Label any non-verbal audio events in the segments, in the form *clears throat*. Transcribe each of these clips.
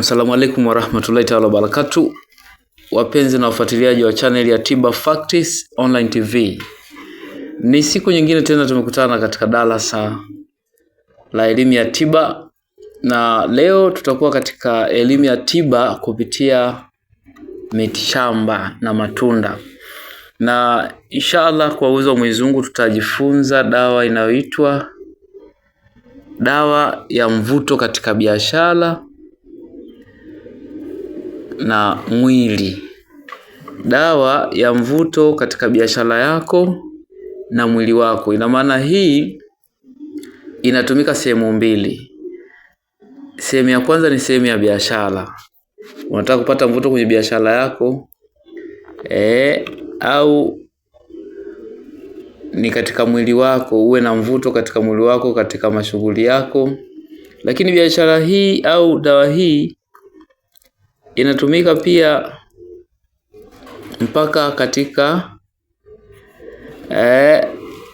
Naam, salamu alaikum warahmatullahi taala wabarakatu, wapenzi na wafuatiliaji wa channel ya Tiba Facts Online TV, ni siku nyingine tena tumekutana katika darasa la elimu ya tiba, na leo tutakuwa katika elimu ya tiba kupitia mitishamba na matunda, na inshallah kwa uwezo wa Mwenyezi Mungu tutajifunza dawa inayoitwa dawa ya mvuto katika biashara na mwili. Dawa ya mvuto katika biashara yako na mwili wako. Ina maana hii inatumika sehemu mbili. Sehemu ya kwanza ni sehemu ya biashara. Unataka kupata mvuto kwenye biashara yako e, au ni katika mwili wako, uwe na mvuto katika mwili wako, katika mashughuli yako. Lakini biashara hii au dawa hii Inatumika pia mpaka katika eh,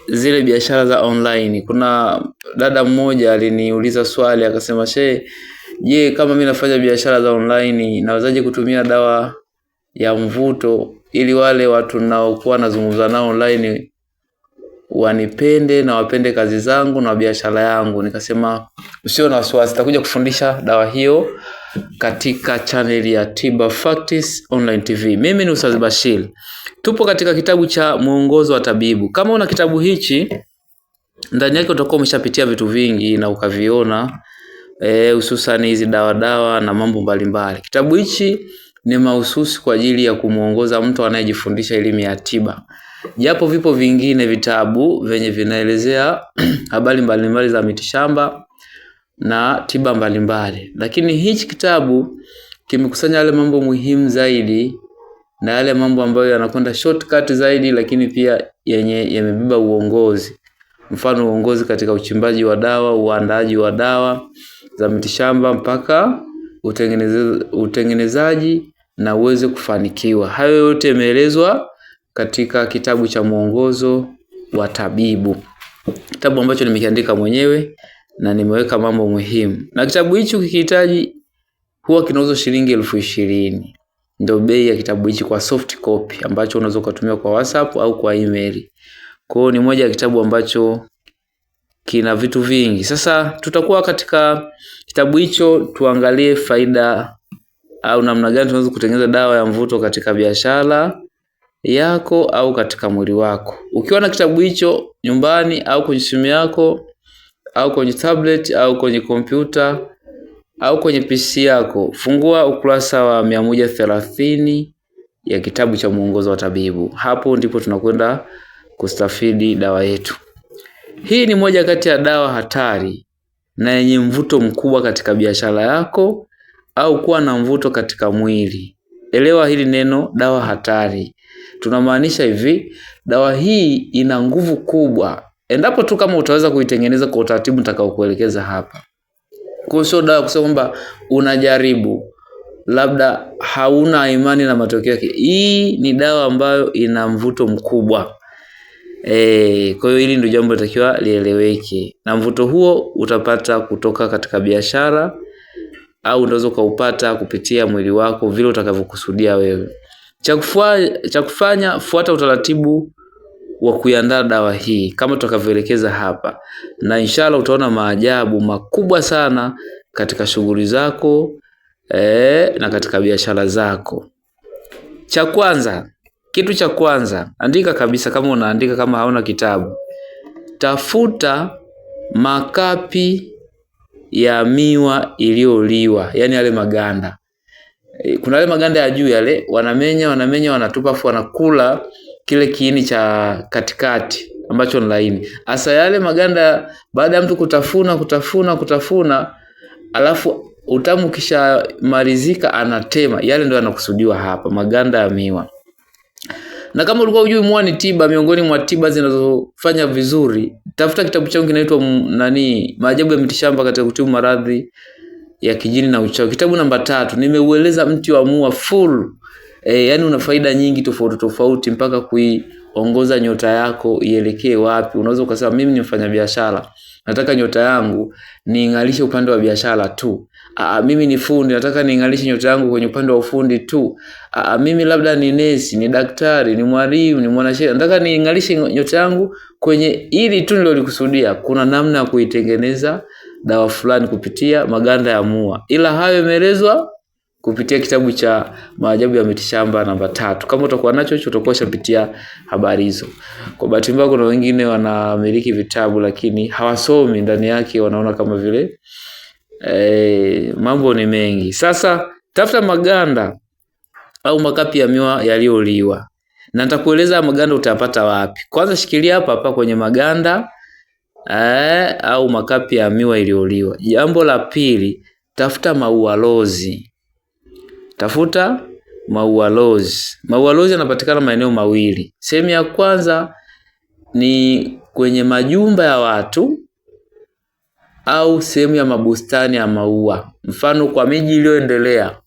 zile biashara za online. Kuna dada mmoja aliniuliza swali akasema, she, je, kama mi nafanya biashara za online nawezaje kutumia dawa ya mvuto ili wale watu naokuwa nazungumza nao online wanipende na wapende kazi zangu na biashara yangu. Nikasema usio na wasiwasi, nitakuja kufundisha dawa hiyo katika chaneli ya Tiba Facts Online TV. Mimi ni Ustadh Bashir. Tupo katika kitabu cha Mwongozo wa Tabibu. Kama una kitabu hichi ndani yake utakuwa umeshapitia vitu vingi na ukaviona e, hususan e, hizi dawa dawa na mambo mbalimbali. Kitabu hichi ni mahususi kwa ajili ya kumwongoza mtu anayejifundisha elimu ya tiba, japo vipo vingine vitabu vyenye vinaelezea *clears throat* habari mbalimbali za mitishamba na tiba mbalimbali, lakini hichi kitabu kimekusanya yale mambo muhimu zaidi na yale mambo ambayo yanakwenda shortcut zaidi, lakini pia yenye yamebeba uongozi, mfano uongozi katika uchimbaji wa dawa, uandaaji wa dawa za mitishamba mpaka utengenezaji na uweze kufanikiwa. Hayo yote yameelezwa katika kitabu cha Mwongozo wa Tabibu, kitabu ambacho nimekiandika mwenyewe na nimeweka mambo muhimu, na kitabu hichi ukikihitaji huwa kinauzwa shilingi elfu ishirini ndio bei ya kitabu hichi kwa soft copy, ambacho unaweza ukatumia kwa WhatsApp au kwa email. Kwa hiyo ni moja ya kitabu ambacho kina vitu vingi. Sasa tutakuwa katika kitabu hicho, tuangalie faida au namna gani tunaweza kutengeneza dawa ya mvuto katika biashara yako au katika mwili wako. Ukiwa na kitabu hicho nyumbani au kwenye simu yako, au kwenye tablet au kwenye kompyuta au kwenye PC yako, fungua ukurasa wa mia moja thelathini ya kitabu cha mwongozo wa tabibu. Hapo ndipo tunakwenda kustafidi dawa yetu. Hii ni moja kati ya dawa hatari na yenye mvuto mkubwa katika biashara yako au kuwa na mvuto katika mwili. Elewa hili neno dawa hatari. Tunamaanisha hivi, dawa hii ina nguvu kubwa endapo tu kama utaweza kuitengeneza kwa utaratibu nitakaokuelekeza hapa. Kwa sio dawa kusema kwamba unajaribu labda hauna imani na matokeo yake. Hii ni dawa ambayo ina mvuto mkubwa. E, kwa hiyo hili ndio jambo litakiwa lieleweke, na mvuto huo utapata kutoka katika biashara au unaweza ukaupata kupitia mwili wako vile utakavyokusudia wewe. Cha kufanya, cha kufanya fuata utaratibu wa kuiandaa dawa hii kama tutakavyoelekeza hapa, na inshallah utaona maajabu makubwa sana katika shughuli zako e, na katika biashara zako. Cha kwanza, kitu cha kwanza, andika kabisa, kama unaandika, kama hauna kitabu, tafuta makapi ya miwa iliyoliwa, yani yale maganda. Eh, kuna yale maganda ya juu yale, wanamenya wanamenya, wanatupa afu wanakula kile kiini cha katikati ambacho ni laini. Hasa yale maganda baada ya mtu kutafuna kutafuna kutafuna, alafu utamu ukishamalizika anatema, yale ndio yanakusudiwa hapa, maganda ya miwa. Na kama ulikuwa hujui, muwa ni tiba, miongoni mwa tiba zinazofanya vizuri. Tafuta kitabu changu kinaitwa nani, maajabu ya mitishamba katika kutibu maradhi ya kijini na uchawi, kitabu namba tatu, nimeueleza mti wa muwa full e, yani una faida nyingi tofauti tofauti mpaka kuiongoza nyota yako ielekee wapi. Unaweza ukasema mimi ni mfanyabiashara, nataka nyota yangu niing'alishe upande wa biashara tu. Aa, mimi ni fundi, nataka niing'alishe nyota yangu kwenye upande wa ufundi tu. Aa, mimi labda ni nesi, ni daktari, ni mwalimu, ni mwanasheria, nataka niing'alishe nyota yangu kwenye ili tu nilolikusudia. Kuna namna ya kuitengeneza dawa fulani kupitia maganda ya mua, ila hayo imeelezwa kupitia kitabu cha Maajabu ya Mitishamba namba tatu. Kama utakuwa nacho hicho, utakuwa ushapitia habari hizo. Kwa bahati mbaya, kuna wengine wanamiliki vitabu lakini hawasomi ndani yake, wanaona kama vile e, mambo ni mengi. Sasa tafuta maganda au makapi ya miwa yaliyoliwa, na nitakueleza maganda utayapata wapi. Kwanza shikilia hapa hapa kwenye maganda e, au makapi ya miwa iliyoliwa. Jambo la pili, tafuta maua lozi Tafuta maualozi. Maualozi yanapatikana maeneo mawili. Sehemu ya kwanza ni kwenye majumba ya watu au sehemu ya mabustani ya maua. Mfano kwa miji iliyoendelea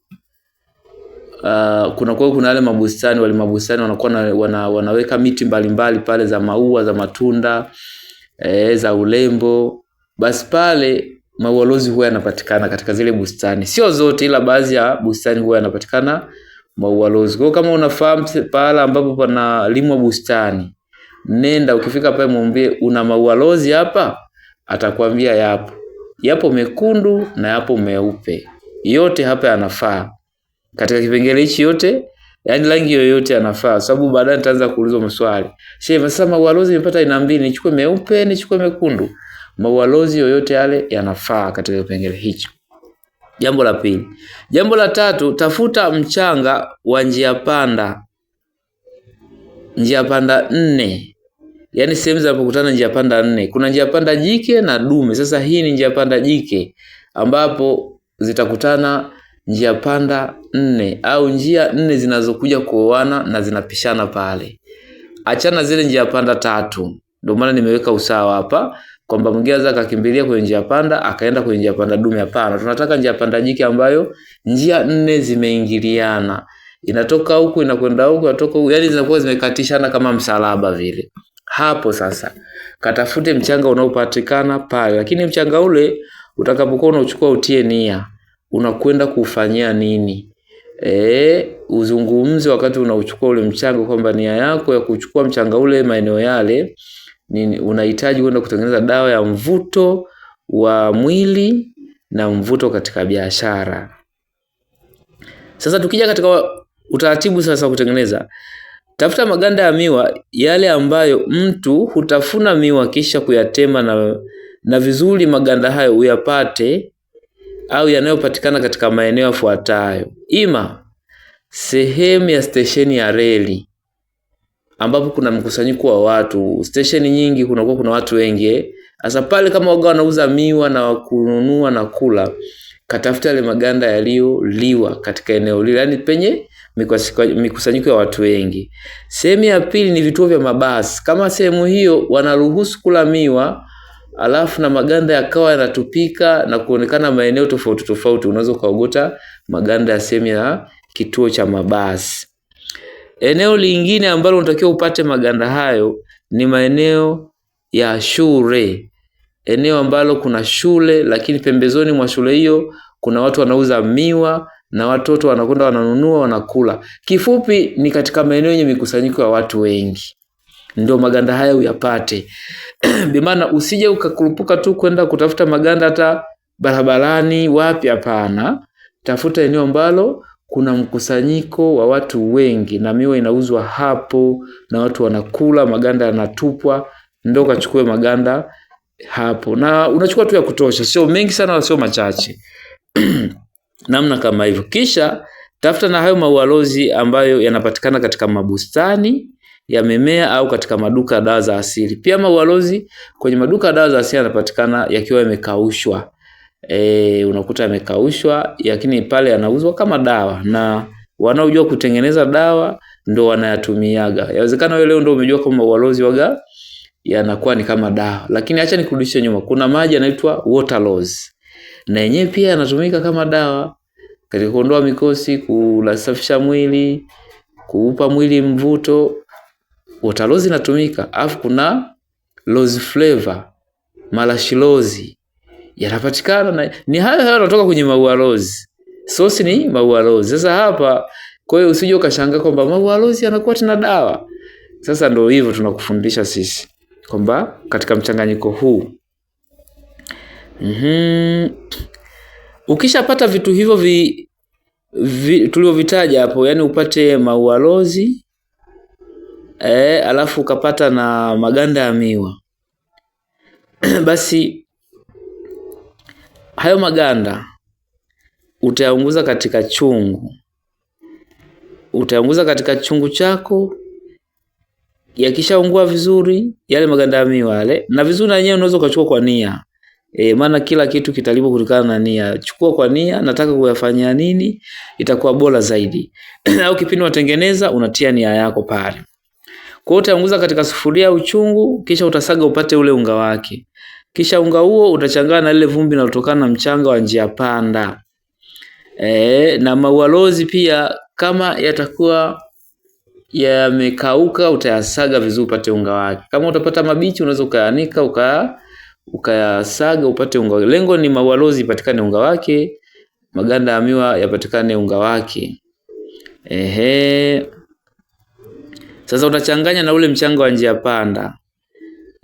uh, kuna kwa kuna wale mabustani wale mabustani wanakuwa na, wana, wanaweka miti mbalimbali pale za maua za matunda e, za urembo basi pale maualozi huwa yanapatikana katika zile bustani, sio zote, ila baadhi ya bustani huwa yanapatikana maualozi. Kwa kama unafahamu pahala ambapo panalimwa bustani, nenda, ukifika pale mwambie una maualozi hapa, atakwambia yapo, yapo mekundu na yapo meupe, yote hapa yanafaa katika kipengele hichi yote Yaani rangi yoyote yanafaa, sababu baadaye nitaanza kuulizwa maswali. Shehe, sasa maualozi imepata aina mbili, nichukue meupe, nichukue mekundu? maualozi yoyote yale yanafaa katika kipengele hicho. Jambo la pili. Jambo la tatu, tafuta mchanga wa njia panda, njia panda nne, yaani sehemu zinapokutana njia panda nne. Kuna njia panda jike na dume. Sasa hii ni njia panda jike ambapo zitakutana njia panda nne au njia nne zinazokuja kuoana na zinapishana pale. Achana zile njia panda tatu, ndio maana nimeweka usawa hapa kwamba mwingine anaweza akakimbilia kwenye njia panda akaenda kwenye njia panda dume. Hapana, tunataka njia panda jike ambayo njia nne zimeingiliana, inatoka huku inakwenda huku, inatoka huku, yani zinakuwa zimekatishana kama msalaba vile. Hapo sasa katafute mchanga unaopatikana pale, lakini mchanga ule utakapokuwa unachukua utie nia, unakwenda kufanyia nini? E, uzungumze wakati unauchukua ule mchanga kwamba nia yako ya kuchukua mchanga ule maeneo yale nini, unahitaji kwenda kutengeneza dawa ya mvuto wa mwili na mvuto katika biashara. Sasa tukija katika utaratibu sasa wa kutengeneza, tafuta maganda ya miwa yale ambayo mtu hutafuna miwa kisha kuyatema na, na vizuri maganda hayo uyapate au yanayopatikana katika maeneo yafuatayo: ima sehemu ya stesheni ya reli ambapo kuna mkusanyiko wa watu, stesheni nyingi kunakuwa kuna watu wengi. Sasa pale kama waga wanauza miwa na kununua na kula, katafuta yale maganda yaliyoliwa katika eneo lile, yaani penye mikusanyiko ya watu wengi. Sehemu ya pili ni vituo vya mabasi. Kama sehemu hiyo wanaruhusu kula miwa alafu na maganda yakawa yanatupika na kuonekana maeneo tofauti tofauti, unaweza ukaogota maganda ya sehemu ya kituo cha mabasi. Eneo lingine ambalo unatakiwa upate maganda hayo ni maeneo ya shule, eneo ambalo kuna shule, lakini pembezoni mwa shule hiyo kuna watu wanauza miwa na watoto wanakwenda wananunua wanakula. Kifupi ni katika maeneo yenye mikusanyiko ya watu wengi, ndio maganda haya uyapate. *clears throat* Bimaana usije ukakurupuka tu kwenda kutafuta maganda hata barabarani, wapi? Hapana, tafuta eneo ambalo kuna mkusanyiko wa watu wengi na miwa inauzwa hapo, na watu wanakula, maganda yanatupwa, ndo kachukue maganda hapo, na unachukua tu ya kutosha, sio mengi sana wala sio machache *clears throat* namna kama hivyo. Kisha tafuta na hayo maualozi ambayo yanapatikana katika mabustani ya mimea au katika maduka ya dawa za asili. Pia maualozi kwenye maduka ya dawa za asili yanapatikana yakiwa yamekaushwa e, unakuta yamekaushwa, lakini pale yanauzwa kama dawa, na wanaojua kutengeneza dawa ndo wanayatumiaga. Yawezekana wewe leo ndo umejua kama walozi waga yanakuwa ni kama dawa, lakini acha nikurudishe nyuma. Kuna maji yanaitwa water loss, na yenyewe pia yanatumika kama dawa katika kuondoa mikosi, kulasafisha mwili, kuupa mwili mvuto. Water loss inatumika, alafu kuna loss flavor, marashi yanapatikana na ni hayo hayo yanatoka kwenye maua rose. Sosi ni maua rose. Sasa hapa, kwa hiyo usije ukashangaa kwamba maua rose yanakuwa tena dawa. Sasa ndio hivyo tunakufundisha sisi kwamba katika mchanganyiko huu mm -hmm. Ukishapata vitu hivyo vi, vi, tulivyovitaja hapo, yani upate maua rose eh, alafu ukapata na maganda ya miwa *clears throat* basi hayo maganda utayaunguza katika chungu, utayaunguza katika chungu chako. Yakishaungua vizuri yale maganda ya miwa yale, na vizuri na yenyewe unaweza ukachukua kwa nia e, maana kila kitu kitalipo kutokana na nia. Chukua kwa nia, nataka kuyafanyia nini, itakuwa bora zaidi. *clears throat* Au kipindi unatengeneza unatia nia yako pale. Kwa hiyo utaunguza katika sufuria uchungu, kisha utasaga upate ule unga wake. Kisha unga huo utachangana na ile vumbi linalotokana na mchanga wa njia panda. E, na maualozi pia kama yatakuwa yamekauka utayasaga vizuri upate unga wake. Kama utapata mabichi unaweza ukaanika uka ukayasaga upate unga wake. Lengo ni maualozi ipatikane unga wake, maganda ya miwa yapatikane unga wake. Ehe. Sasa utachanganya na ule mchanga wa njia panda.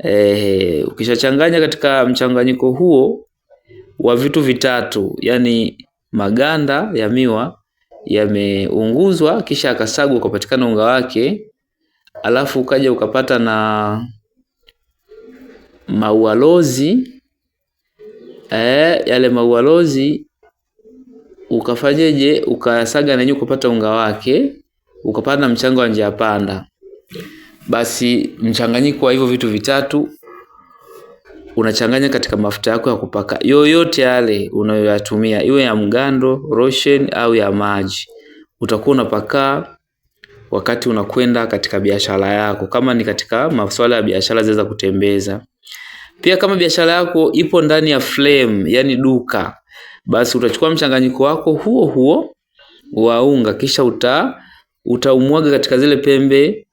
E, ukishachanganya katika mchanganyiko huo wa vitu vitatu, yani maganda ya miwa yameunguzwa kisha akasagwa ukapatikana unga wake, alafu ukaja ukapata na maualozi e, eh, yale maualozi ukafanyeje, ukasaga nanyewe ukapata unga wake, ukapata na mchanga wa njia panda. Basi mchanganyiko wa hivyo vitu vitatu unachanganya katika mafuta yako ya kupaka yoyote yale unayoyatumia, iwe ya mgando, roshen au ya maji, utakuwa unapaka wakati unakwenda katika biashara yako, kama ni katika masuala ya biashara zaweza kutembeza. Pia kama biashara yako ipo ndani ya flame, yani duka, basi utachukua mchanganyiko wako huo huo wa unga, kisha uta utaumwaga katika zile pembe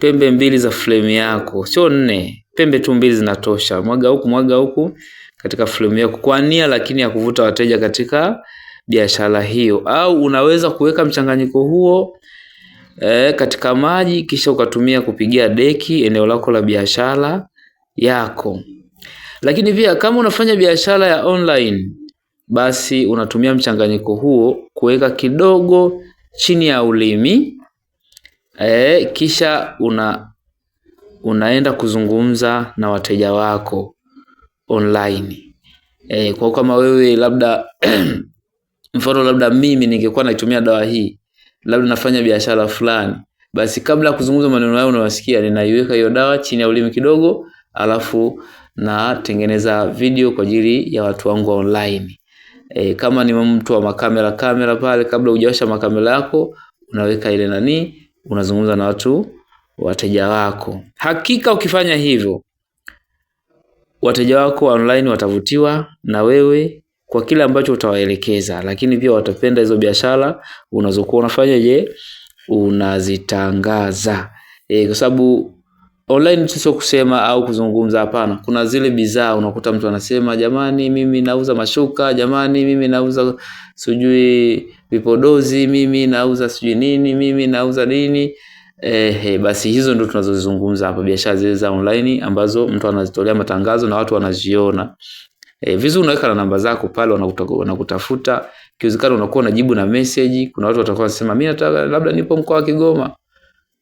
pembe mbili za fremu yako, sio nne, pembe tu mbili zinatosha. Mwaga huku mwaga huku katika fremu yako, kwa nia lakini ya kuvuta wateja katika biashara hiyo. Au unaweza kuweka mchanganyiko huo e, katika maji kisha ukatumia kupigia deki eneo lako la biashara yako. Lakini pia kama unafanya biashara ya online, basi unatumia mchanganyiko huo kuweka kidogo chini ya ulimi e, kisha una unaenda kuzungumza na wateja wako online e, kwa kama wewe labda *clears throat* mfano labda mimi ningekuwa naitumia dawa hii labda nafanya biashara fulani, basi kabla ya kuzungumza maneno hayo unawasikia, ninaiweka hiyo dawa chini ya ulimi kidogo, alafu natengeneza video kwa ajili ya watu wangu wa online. E, kama ni mtu wa makamera kamera pale, kabla hujawasha makamera yako unaweka ile nani unazungumza na watu wateja wako. Hakika ukifanya hivyo, wateja wako online watavutiwa na wewe kwa kile ambacho utawaelekeza, lakini pia watapenda hizo biashara unazokuwa unafanya je, unazitangaza e, kwa sababu online sio kusema au kuzungumza, hapana. Kuna zile bidhaa unakuta mtu anasema jamani, mimi nauza mashuka, jamani, mimi nauza sijui vipodozi, mimi nauza sijui nini, mimi nauza nini. Eh, basi hizo ndio tunazozizungumza hapa, biashara zile za online ambazo mtu anazitolea matangazo na watu wanaziona. E, vizuri unaweka na namba zako pale, wanakutafuta kiwezekana, unakuwa unajibu na message. Kuna watu watakuwa wanasema mimi nataka labda nipo mkoa wa Kigoma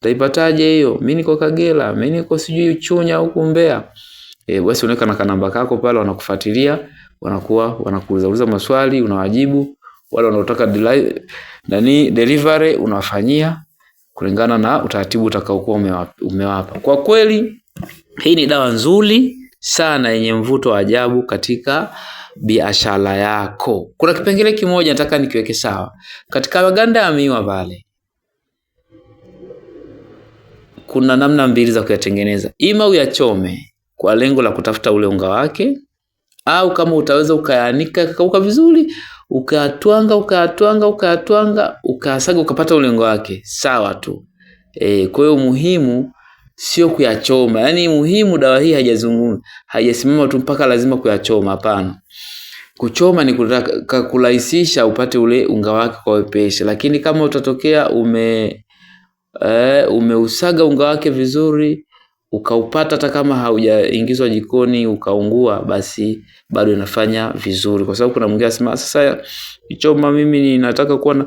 Utaipataje hiyo? Mimi niko Kagera, mimi niko sijui Chunya huku Mbeya. Eh, basi unaweka na kanamba kako pale wanakufuatilia, wanakuwa wanakuuliza uliza maswali, unawajibu. Wale wanaotaka nani delivery unawafanyia kulingana na utaratibu utakaokuwa umewapa. Kwa kweli hii ni dawa nzuri sana yenye mvuto wa ajabu katika biashara yako. Kuna kipengele kimoja nataka nikiweke sawa. Katika maganda ya miwa pale kuna namna mbili za kuyatengeneza, ima uyachome kwa lengo la kutafuta ule unga wake, au kama utaweza ukayaanika kauka vizuri, ukatwanga ukatwanga ukatwanga ukasaga ukapata ule unga wake, sawa tu. E, kwa hiyo muhimu sio kuyachoma, yaani muhimu dawa hii haijazungumza haijasimama tu mpaka lazima kuyachoma, hapana. Kuchoma ni kurahisisha upate ule unga wake kwa wepesi, lakini kama utatokea ume e, umeusaga unga wake vizuri ukaupata hata kama haujaingizwa jikoni ukaungua, basi bado inafanya vizuri, kwa sababu kuna mwingine asema sasa choma, mimi ninataka kuwa na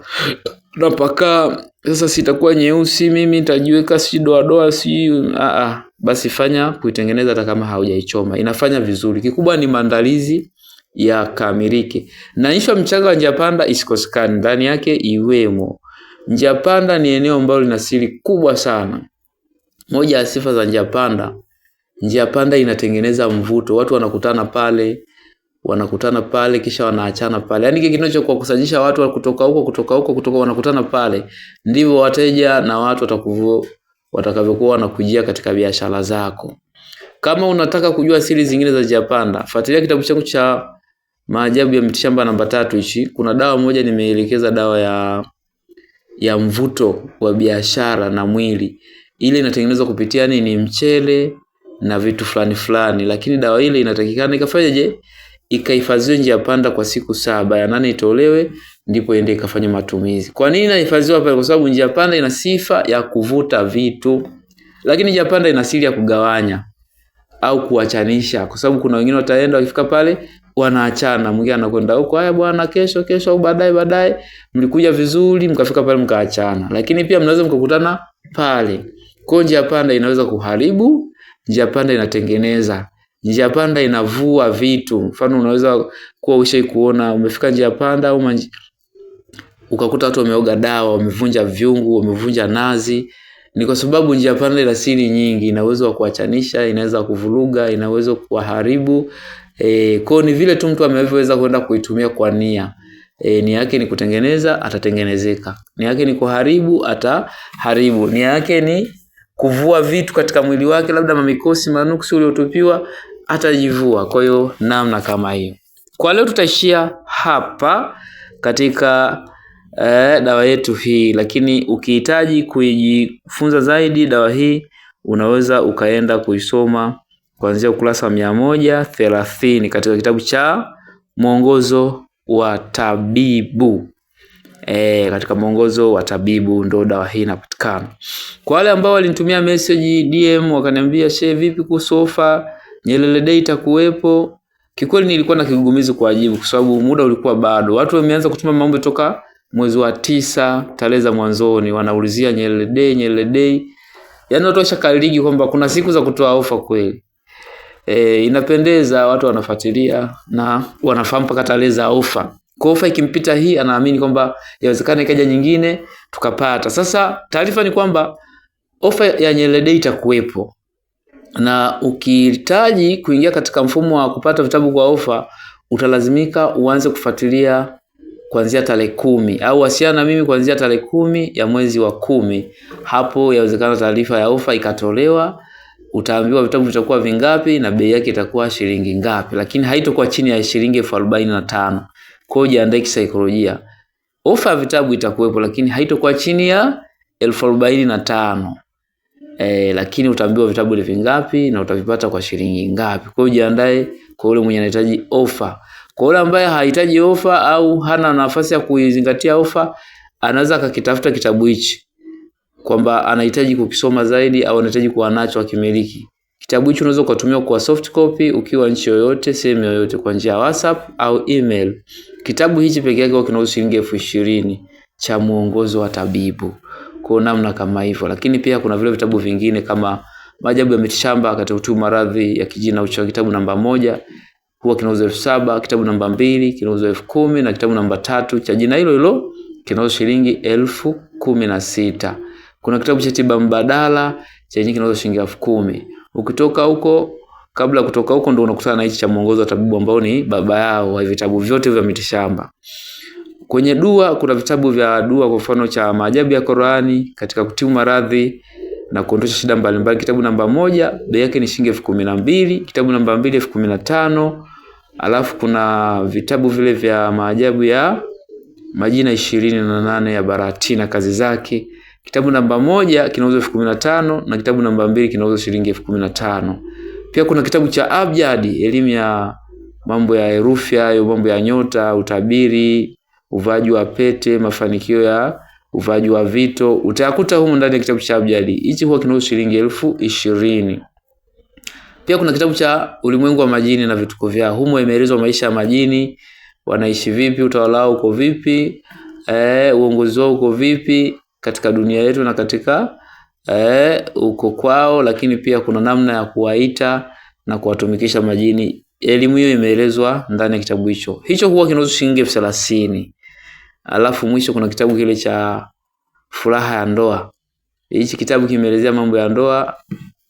napaka sasa, sitakuwa nyeusi mimi, nitajiweka si doa doa si a a, basi fanya kuitengeneza hata kama haujaichoma, inafanya vizuri. Kikubwa ni maandalizi yakamilike, na isha mchanga wa njia panda ndani yake iwemo Njia panda ni eneo ambalo lina siri kubwa sana. Moja ya sifa za njia panda, njia panda inatengeneza mvuto. Watu wanakutana pale, wanakutana pale kisha wanaachana pale. Yaani kile kinachokuwa kusajisha watu kutoka huko kutoka huko kutoka wanakutana pale, ndivyo wateja na watu watakuvu watakavyokuwa wanakujia katika biashara zako. Kama unataka kujua siri zingine za njia panda, fuatilia kitabu changu cha Maajabu ya Mitishamba namba tatu hichi. Kuna dawa moja nimeelekeza dawa ya ya mvuto wa biashara na mwili. Ile inatengenezwa kupitia nini? Mchele na vitu fulani fulani, lakini dawa ile inatakikana ikafanyeje? Ikahifadhiwe njia panda kwa siku saba, ya nane itolewe, ndipo ende ikafanya matumizi. Kwa nini inahifadhiwa pale? Kwa sababu njia panda ina sifa ya kuvuta vitu, lakini njia panda ina siri ya kugawanya au kuachanisha, kwa sababu kuna wengine wataenda wakifika pale wanaachana, mwingine anakwenda huko, haya bwana, kesho kesho, au baadaye baadaye. Mlikuja vizuri, mkafika pale mkaachana, lakini pia mnaweza mkakutana pale. Kwa njia panda inaweza kuharibu, njia panda inatengeneza, njia panda inavua vitu. Mfano, unaweza kuwa ushai kuona umefika njia panda au manji... ukakuta watu wameoga dawa, wamevunja vyungu, wamevunja nazi ni kwa sababu njia panda ina siri nyingi, ina uwezo wa kuachanisha, inaweza kuvuruga, ina uwezo kuwaharibu. E, kwa ni vile tu mtu ameweza kwenda kuitumia kwa nia. E, nia yake ni kutengeneza atatengenezeka, nia yake ni kuharibu ataharibu, nia yake ni kuvua vitu katika mwili wake, labda mamikosi, manuksi uliotupiwa atajivua. Kwa hiyo namna kama hiyo. Kwa leo tutaishia hapa katika eh, dawa yetu hii, lakini ukihitaji kujifunza zaidi dawa hii unaweza ukaenda kuisoma kuanzia ukurasa wa mia moja thelathini katika kitabu cha mwongozo wa tabibu. E, katika mwongozo wa tabibu ndo dawa hii inapatikana. Kwa wale ambao walinitumia message DM wakaniambia, she vipi kuhusu ofa Nyerere Day itakuwepo? Kikweli nilikuwa na kigugumizi kwa ajibu kwa sababu muda ulikuwa bado. Watu wameanza kutuma maombi toka mwezi wa tisa, tarehe za mwanzoni, wanaulizia Nyerere Day, Nyerere Day. Yaani watu washakaliligi kwamba kuna siku za kutoa ofa kweli e, inapendeza, watu wanafuatilia na wanafahamu mpaka tarehe za ofa. Kwa ofa ikimpita hii, anaamini kwamba yawezekana ikaja nyingine tukapata. Sasa taarifa ni kwamba ofa ya Nyerere Day itakuwepo na ukihitaji kuingia katika mfumo wa kupata vitabu kwa ofa utalazimika uanze kufuatilia kuanzia tarehe kumi au wasiana na mimi kuanzia tarehe kumi ya mwezi wa kumi. Hapo yawezekana taarifa ya ofa ikatolewa utaambiwa vitabu vitakuwa vingapi na bei yake itakuwa shilingi ngapi, lakini haitokuwa chini ya shilingi elfu arobaini na tano. Kwa hiyo jiandae kisaikolojia. Ofa ya vitabu itakuwepo, lakini haitokuwa chini ya elfu arobaini na tano. E, lakini utaambiwa vitabu ni vingapi na utavipata kwa shilingi ngapi. Kwa hiyo jiandae kwa yule mwenye anahitaji ofa. Kwa yule ambaye hahitaji ofa au hana nafasi ya kuizingatia ofa, anaweza akakitafuta kitabu hichi kwamba anahitaji kukisoma zaidi au anahitaji kuwa nacho akimiliki. Kitabu hicho unaweza ukatumia kwa soft copy ukiwa nchi yoyote sehemu yoyote kwa njia ya WhatsApp au email. Kitabu hichi peke yake kinahusu shilingi elfu ishirini cha mwongozo wa tabibu kwa namna kama hivyo, lakini pia kuna vile vitabu vingine kama maajabu ya mitishamba katika kutibu maradhi ya kijina uchawi, kitabu namba moja huwa kinauza elfu saba kitabu namba mbili kinauza elfu kumi na kitabu namba tatu cha jina hilo hilo kinauza shilingi elfu kumi na sita. Kuna kitabu cha tiba mbadala chenye kinauzwa shilingi elfu kumi. Ukitoka huko kabla kutoka huko ndo unakutana na hichi cha mwongozo wa tabibu ambao ni baba yao wa vitabu vyote vya mitishamba. Kwenye dua kuna vitabu vya dua, kwa mfano cha maajabu ya Qur'ani katika kutibu maradhi na kuondosha shida mbalimbali. Kitabu namba moja bei yake ni shilingi elfu kumi na mbili, kitabu namba mbili elfu kumi na tano. Alafu kuna vitabu vile vya maajabu ya majina ishirini na nane ya Barati na kazi zake. Kitabu namba moja kinauzwa elfu kumi na tano na kitabu namba mbili kinauzwa shilingi elfu kumi na tano. Pia kuna kitabu cha abjad elimu ya mambo ya herufi hayo, mambo ya nyota, utabiri, uvaji wa pete, mafanikio ya uvaji wa vito, utayakuta humu ndani ya kitabu cha abjad Hichi huwa kinauzwa shilingi elfu ishirini. Pia kuna kitabu cha ulimwengu wa majini na vituko vyao. Humo imeelezwa maisha ya majini, wanaishi vipi, utawala wao uko vipi, e, uongozi wao uko vipi katika dunia yetu na katika eh, uko kwao, lakini pia kuna namna ya kuwaita na kuwatumikisha majini. Elimu hiyo imeelezwa ndani ya kitabu hicho hicho, huwa kinauzwa shilingi elfu thelathini. Alafu mwisho kuna kitabu kile cha furaha ya ndoa. Hichi kitabu kimeelezea mambo ya ndoa,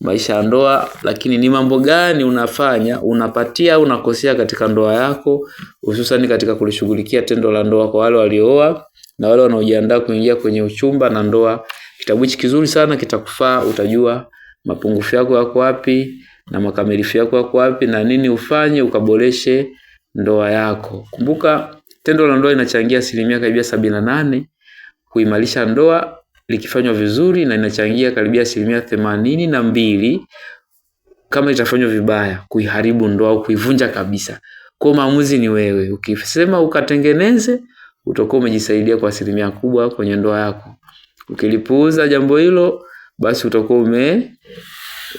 maisha ya ndoa, lakini ni mambo gani unafanya unapatia au unakosea katika ndoa yako, hususan katika kulishughulikia tendo la ndoa kwa wale waliooa na wale wanaojiandaa kuingia kwenye uchumba na ndoa. Kitabu hichi kizuri sana kitakufaa, utajua mapungufu yako yako wapi na makamilifu yako yako wapi na nini ufanye ukaboreshe ndoa yako. Kumbuka tendo la ndoa inachangia asilimia karibia sabini na nane kuimarisha ndoa likifanywa vizuri, na inachangia karibia asilimia themanini na mbili kama itafanywa vibaya kuiharibu ndoa au kuivunja kabisa. Kwa maamuzi ni wewe, ukisema ukatengeneze utakuwa umejisaidia kwa asilimia kubwa kwenye ndoa yako. Ukilipuuza jambo hilo, basi utakuwa ume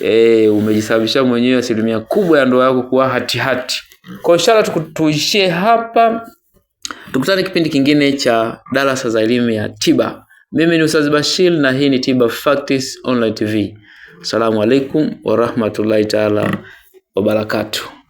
e, umejisababisha mwenyewe asilimia kubwa ya ndoa yako kuwa hatihati. Kwa inshallah tuishie hapa, tukutane kipindi kingine cha darasa za elimu ya tiba. Mimi ni Ustaz Bashir na hii ni Tiba Facts Online TV. Assalamu alaikum warahmatullahi taala wabarakatuh.